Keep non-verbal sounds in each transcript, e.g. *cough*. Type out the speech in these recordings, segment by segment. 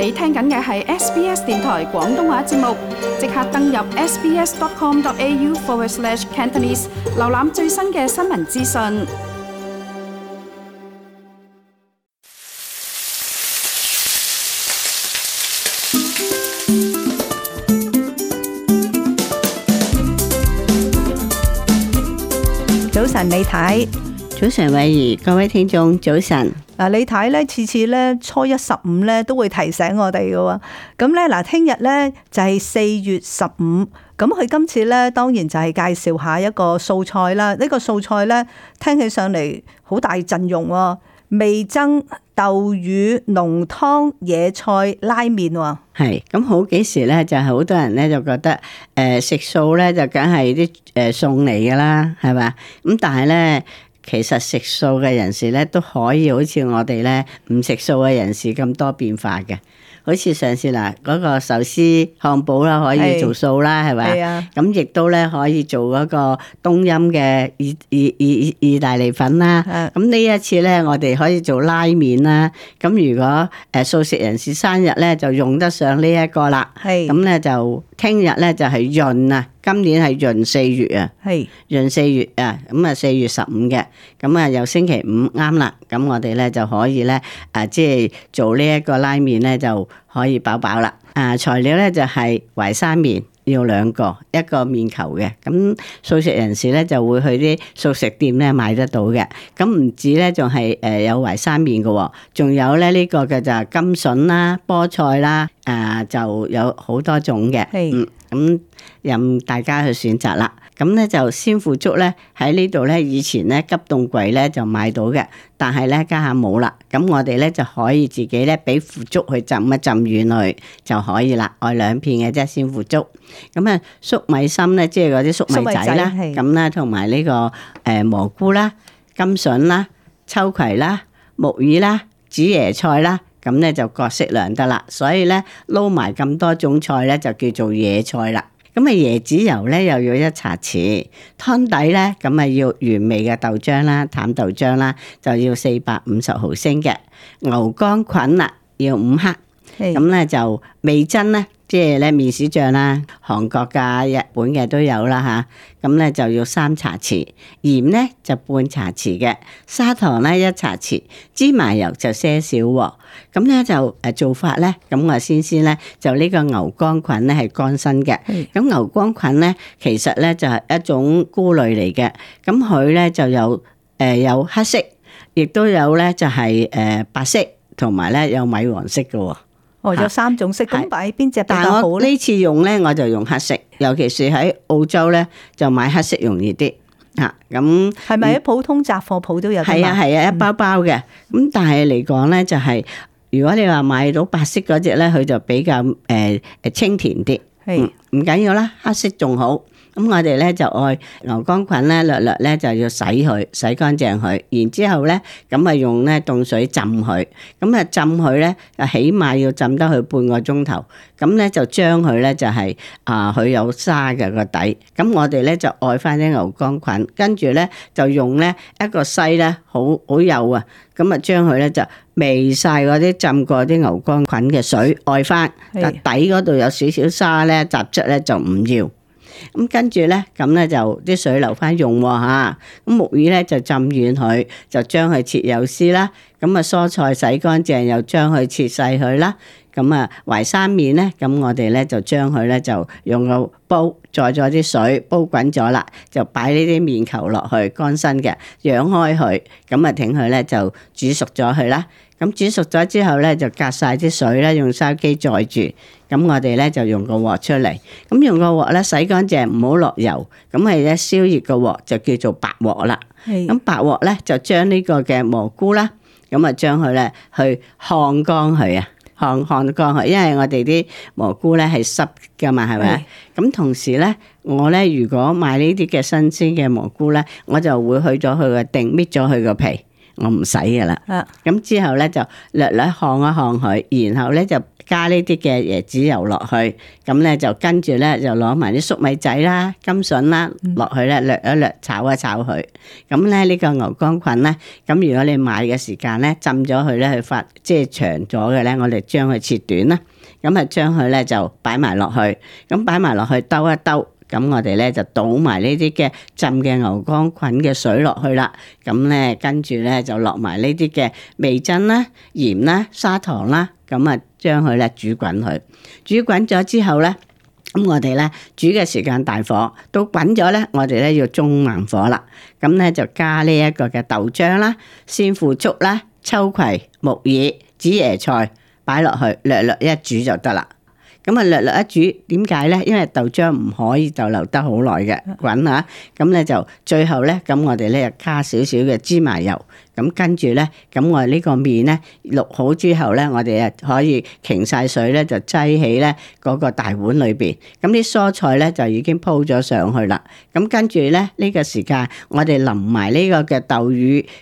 你聽緊嘅係 SBS 電台廣東話節目，即刻登入 sbs.com.au/cantonese 瀏覽最新嘅新聞資訊。早晨，李太，早晨，偉兒，各位聽眾，早晨。嗱，你睇咧，次次咧初一十五咧都會提醒我哋嘅喎。咁咧嗱，聽日咧就係四月十五。咁佢今次咧當然就係介紹下一個素菜啦。呢個素菜咧聽起上嚟好大陣容喎，味噌豆乳濃湯野菜拉麵喎。係。咁好幾時咧就係好多人咧就覺得誒、呃、食素咧就梗係啲誒餸嚟㗎啦，係咪？咁但係咧。其實食素嘅人士咧都可以好似我哋咧唔食素嘅人士咁多變化嘅，好似上次嗱嗰個壽司漢堡啦，可以做素啦，係咪？咁亦都咧可以做嗰個冬陰嘅意意意意大利粉啦。咁呢是一次咧我哋可以做拉麵啦。咁如果誒素食人士生日咧就用得上是呢一個啦。咁咧就聽日咧就係潤啊。今年係閏四月啊，係，閏四月啊，咁啊四月十五嘅，咁啊又星期五啱啦，咁我哋咧就可以咧，啊即係做呢一個拉麵咧就可以飽飽啦。啊材料咧就係淮山麵。要兩個，一個麵球嘅，咁素食人士咧就會去啲素食店咧買得到嘅。咁唔止咧，仲係誒有淮山麵嘅，仲有咧呢、這個嘅就係甘筍啦、菠菜啦，誒、啊、就有好多種嘅，是嗯，咁任大家去選擇啦。咁咧就鮮腐竹咧喺呢度咧以前咧急凍櫃咧就買到嘅，但係咧家下冇啦。咁我哋咧就可以自己咧俾腐竹去浸一浸軟佢就可以啦，愛兩片嘅啫鮮腐竹。咁啊粟米芯咧即係嗰啲粟米仔啦，咁啦同埋呢個誒蘑菇啦、甘筍啦、秋葵啦、木耳啦、紫椰菜啦，咁咧就各適量得啦。所以咧撈埋咁多種菜咧就叫做野菜啦。咁啊，椰子油咧又要一茶匙，湯底咧咁啊要原味嘅豆漿啦，淡豆漿啦，就要四百五十毫升嘅牛肝菌啦，要五克，咁咧是就味噌咧。即係咧，麵豉醬啦，韓國㗎、日本嘅都有啦吓，咁、啊、咧就要三茶匙鹽咧就半茶匙嘅砂糖咧一茶匙芝麻油就些少、哦，咁咧就誒做法咧，咁我先先咧就呢個牛肝菌咧係乾身嘅，咁牛肝菌咧其實咧就係、是、一種菇類嚟嘅，咁佢咧就有誒、呃、有黑色，亦都有咧就係、是、誒白色，同埋咧有米黃色嘅、哦。哦，有三種色，咁擺邊隻比較好咧？但係我呢次用咧，我就用黑色，尤其是喺澳洲咧，就買黑色容易啲嚇。咁係咪喺普通雜貨鋪都有？係啊係啊，一包包嘅。咁但係嚟講咧，就係、是、如果你話買到白色嗰隻咧，佢就比較誒誒、呃、清甜啲。是嗯、係唔緊要啦，黑色仲好。咁我哋咧就愛牛肝菌咧，略略咧就要洗佢，洗乾淨佢，然之後咧，咁啊用咧凍水浸佢，咁啊浸佢咧，啊起碼要浸得佢半個鐘頭，咁咧就將佢咧就係啊，佢有沙嘅個底，咁我哋咧就愛翻啲牛肝菌，跟住咧就用咧一個篩咧好好幼啊，咁啊將佢咧就未晒嗰啲浸過啲牛肝菌嘅水，愛翻但底嗰度有少少沙咧雜質咧就唔要。咁、嗯、跟住咧，咁咧就啲水留翻用喎、啊、嚇。咁、啊、木耳咧就浸軟佢，就將佢切幼絲啦。咁、嗯、啊，蔬菜洗乾淨又將佢切細佢啦。咁啊，淮山麵咧，咁我哋咧就將佢咧就用個煲載咗啲水，煲滾咗啦，就擺呢啲麵球落去，乾身嘅，養開佢，咁啊，整佢咧就煮熟咗佢啦。咁煮熟咗之後咧，就隔晒啲水咧，用筲箕載住。咁我哋咧就用個鑊出嚟，咁用個鑊咧洗乾淨，唔好落油。咁係咧燒熱個鑊就叫做白鑊啦。咁是白鑊咧，就將呢個嘅蘑菇啦，咁啊將佢咧去烘乾佢啊。看看幹去，因為我哋啲蘑菇咧係濕㗎嘛，係咪？咁同時咧，我咧如果買呢啲嘅新鮮嘅蘑菇咧，我就會去咗佢個頂，搣咗佢個皮，我唔使㗎啦。咁是之後咧就略略看一看佢，然後咧就。加呢啲嘅椰子油落去，咁咧就跟住咧就攞埋啲粟米仔啦、甘筍啦落去咧，略一略炒一炒佢。咁咧呢個牛肝菌咧，咁如果你買嘅時間咧浸咗佢咧，佢發即係長咗嘅咧，我哋將佢切短啦。咁啊將佢咧就擺埋落去，咁擺埋落去兜一兜。咁我哋咧就倒埋呢啲嘅浸嘅牛肝菌嘅水落去啦。咁咧跟住咧就落埋呢啲嘅味噌啦、鹽啦、砂糖啦。咁啊，將佢咧煮滾佢，煮滾咗之後咧，咁我哋咧煮嘅時間大火，都滾咗咧，我哋咧要中慢火啦。咁咧就加呢一個嘅豆漿啦、鮮腐竹啦、秋葵、木耳、紫椰菜，擺落去略略一煮就得啦。咁啊，略略一煮，點解咧？因為豆漿唔可以就留得好耐嘅，滾嚇。咁咧就最後咧，咁我哋咧就加少少嘅芝麻油。咁跟住咧，咁我個麵呢個麵咧淥好之後咧，我哋啊可以傾晒水咧，就擠起咧嗰個大碗裏邊。咁啲蔬菜咧就已經鋪咗上去啦。咁跟住咧呢、呢個時間，我哋淋埋呢個嘅豆乳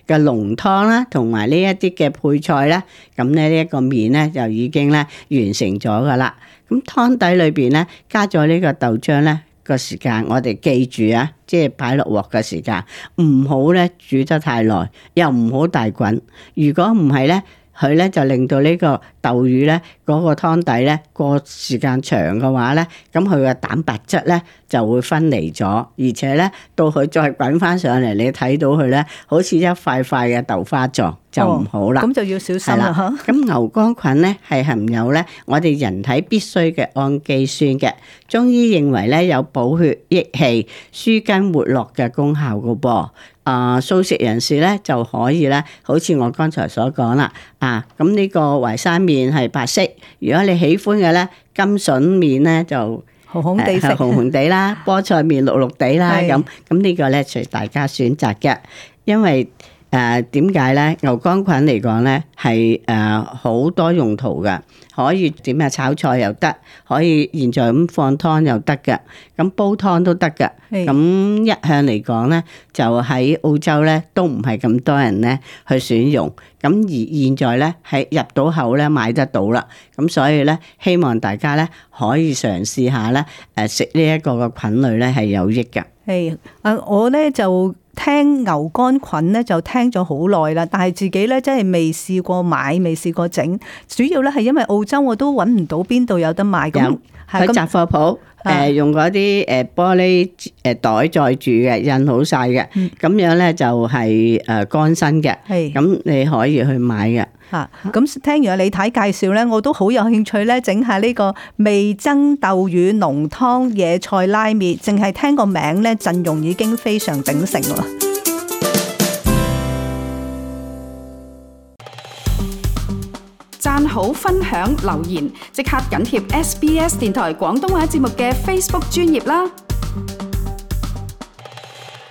嘅濃湯啦，同埋呢一啲嘅配菜啦。咁咧呢一個麵咧就已經咧完成咗噶啦。咁湯底裏邊咧，加咗呢個豆漿咧，個時間我哋記住啊，即係擺落鑊嘅時間，唔好咧煮得太耐，又唔好大滾。如果唔係咧，佢咧就令到呢個豆乳咧嗰、嗰個湯底咧過、呢個、時間長嘅話咧，咁佢嘅蛋白質咧。就會分離咗，而且咧到佢再滾翻上嚟，你睇到佢咧，好似一塊塊嘅豆花狀，哦、就唔好啦。咁、哦、就要小心啦。吓，咁牛肝菌咧係含有咧，我哋人體必需嘅氨基酸嘅，中醫認為咧有補血益氣、舒筋活絡嘅功效噶噃。啊、呃，素食人士咧就可以咧，好似我剛才所講啦。啊，咁呢個淮山麵係白色，如果你喜歡嘅咧，甘筍麵咧就。紅紅地色，紅紅地啦，菠菜麵綠綠地啦，咁咁 *laughs* 呢個呢，隨大家選擇嘅，因為。誒點解咧？牛肝菌嚟講咧，係誒好多用途嘅，可以點啊炒菜又得，可以現在咁放湯又得嘅，咁煲湯都得嘅。咁一向嚟講咧，就喺澳洲咧都唔係咁多人咧去選用，咁而現在咧係入到口咧買得到啦。咁所以咧，希望大家咧可以嘗試下咧誒食呢一個嘅菌類咧係有益嘅。誒，啊、hey，我咧就聽牛肝菌咧就聽咗好耐啦，但係自己咧真係未試過買，未試過整，主要咧係因為澳洲我都揾唔到邊度有得買咁，喺、嗯、是雜貨鋪。誒用嗰啲誒玻璃誒袋，袋載住嘅印好晒嘅。咁樣咧就係誒乾身嘅，咁、嗯、你可以去買嘅。嚇、啊，咁聽完阿李太介紹咧，我都好有興趣咧整下呢個味噌、豆乳濃湯野菜拉麵，淨係聽個名咧陣容已經非常鼎盛喎。好分享留言，即刻緊貼 SBS 電台廣東話節目嘅 Facebook 專頁啦！